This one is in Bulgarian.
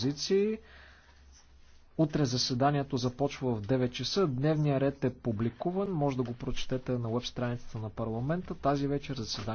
позиции. Утре заседанието започва в 9 часа. Дневният ред е публикуван. Може да го прочетете на веб страницата на парламента. Тази вечер заседанието